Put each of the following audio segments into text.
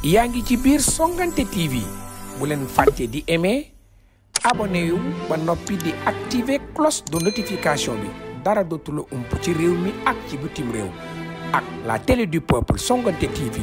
yaa ngi ci biir Songuanté TV bu leen fàtte di aimer abonné ba noppi di activer cloche de notification bi dara dootu la ump ci réew mi ak ci butim réew ak la télé du peuple Songuanté TV.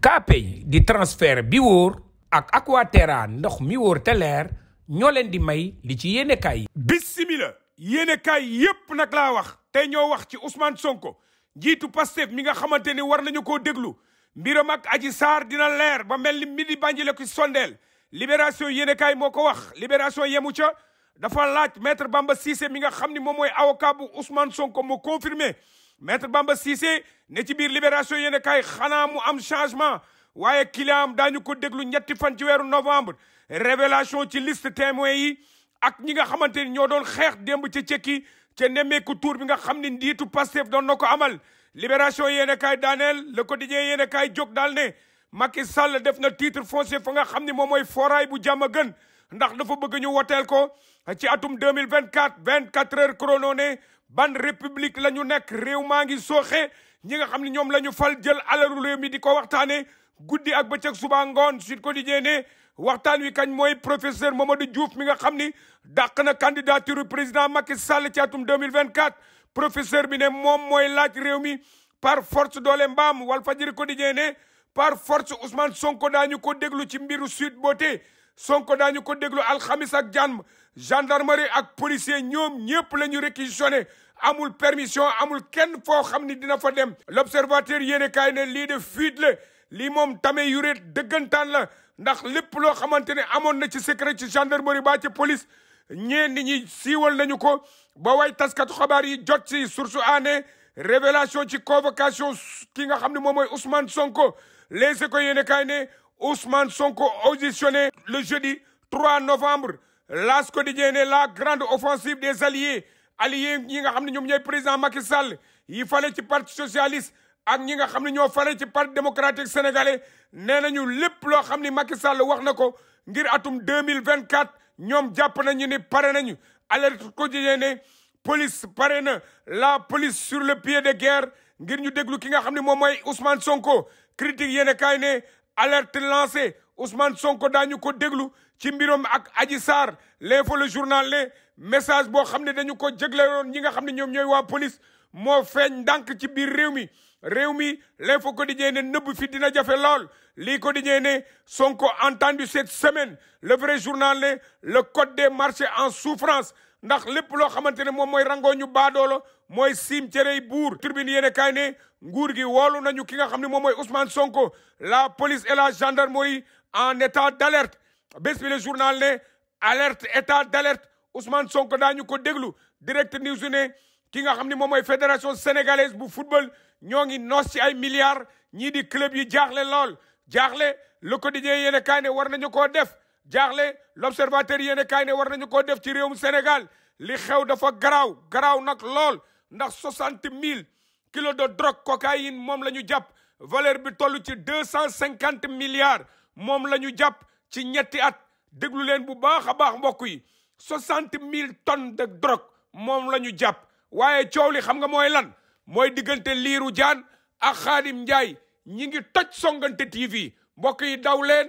KPay di transfert bi woor ak Aquaterra ndox mi woor te leer ñoo leen di may li ci yéenekaay yi. bismillah yéenekaay yépp nag laa wax te ñoo wax ci Ousmane Sonko. njiitu Pastef mi nga xamante ni war nañu koo déglu mbiram ak Adji Sarr dina leer ba mel ni midi bànjile ki sondeel libération yéenekaay moo ko wax libération yemu ca dafa laaj maître Bamba Cissé mi nga xam ni moom mooy avocat bu Ousmane Sonko mu confirmé maître Bamba Cissé ne ci biir libération yéenekaay xanaa mu am changement waaye client ñu ko déglu ñetti fan ci weeru novembre révélation ci liste témoins yi ak ñi nga xamante ni ñoo doon xeex démb ca cekki ca nemmeeku tour bi nga xam ne njiitu Pastef doon na ko amal libération yéene kaay daaneel le quotidien yéene kaay jog daal ne Macky Sall def na titre foncier fa nga xam ni moom mooy foraay bu jàmm gën ndax dafa bëgg ñu woteel ko ci atum mille vingt 2024 24 heures chrono ne ban république la ñu nekk réew maa ngi sooxe ñi nga xam ni ñoom la ñu fal jël alalu réew mi di ko waxtaane guddi ak bëccëg suba ngoon Sud Quotidien ne waxtaan wi kañ mooy professeur Mamadou Diouf mi nga xam ni dàq na candidature président Macky Sall ci atum 2024 professeur bi ne moom mooy laaj réew mi par force doole mbaam Walfadjri Quotidien ne par force Ousmane Sonko daañu ko déglu ci mbiru Sweet Beauté Sonko daañu ko déglu alxamis ak jàmm gendarmerie ak policier ñoom ñépp la ñu réquisitionné amul permission amul kenn foo xam ni dina fa dem l'observateur yéene kaay ne lii de fuite la lii moom tame yuret dëggantaan la ndax lépp loo xamante ne amoon na ci secret ci gendarmerie ba ci police ñeen ni ñi siiwal nañu ko ba way taskatu xabaar yi jot ci source aané révélation ci convocation ki nga xam ne moom mooy Ousmane Sonko les éco yéene kaay ne Ousmane Sonko auditionné le jeudi 3 novembre L'As Quotidien ne la grande offensive des alliés alliés ñi nga xam ne ñoom ñooy président Macky Sall yi fale ci parti socialiste ak ñi nga xam ne ñoo fare ci parti démocratique sénégalais nee nañu lépp loo xam ni Macky Sall wax na ko ngir atum deux mille vingt quatre ñoom jàpp nañu ni pare nañu alerte quotidien ne police pare na la police sur le pied de guerre ngir ñu déglu ki nga xam ne moom mooy Ousmane Sonko critique yéen kaay ne alerte lancée Ousmane daa ñu ko déglu ci mbirom ak Adji Sarr l'info le journal le message boo xam ne dañu ko jegle jéglewoon ñi nga xam ne ñoom ñooy waa police moo feeñ ndànk ci biir réew mi réew mi l'info quotidien ne nëbb fi dina jafe lool lii quotidien ne Sonko entendu cette semaine le vrai journal ne le code des marchés en souffrance ndax lépp loo xamante ne moom mooy rangoo ñu baadoolo mooy siim cerey buur tribune yéene kaay ne nguur gi woolu nañu ki nga xam ne moom mooy Ousmane Sonko la police et la gendarmerie en état d'alerte bés bi le journal ne alerte état d'alerte Ousmane Sonko daañu ko déglu direct news ne ki nga xam ne moom mooy fédération sénégalaise bu football ñoo ngi noos ci ay milliards ñii di club yi jaaxle lool jaaxle le quotidien yéen a kaay ne war nañu koo def jaaxle l' observateur yéen a kaay ne war nañu koo def ci réewum Sénégal li xew dafa garaaw garaaw nag lool ndax soixante mille kilo de drogue cocaïne moom la ñu jàpp valeur bi toll ci deux cent cinquante milliards moom la ñu jàpp ci ñetti at déglu leen bu baax a baax mbokk yi soixante mille tonnes de drogue moom la ñu jàpp waaye coow li xam nga mooy lan mooy diggante liiru jaan ak xaadim njaay ñi ngi toj songante TV mbokk yi daw leen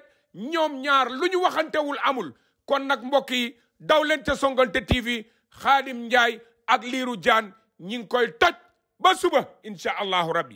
ñoom ñaar lu ñu waxantewul amul kon nag mbokk yi daw leen te songante TV xaadim njaay ak liiru jaan ñi ngi koy toj ba suba incha allahu rabbi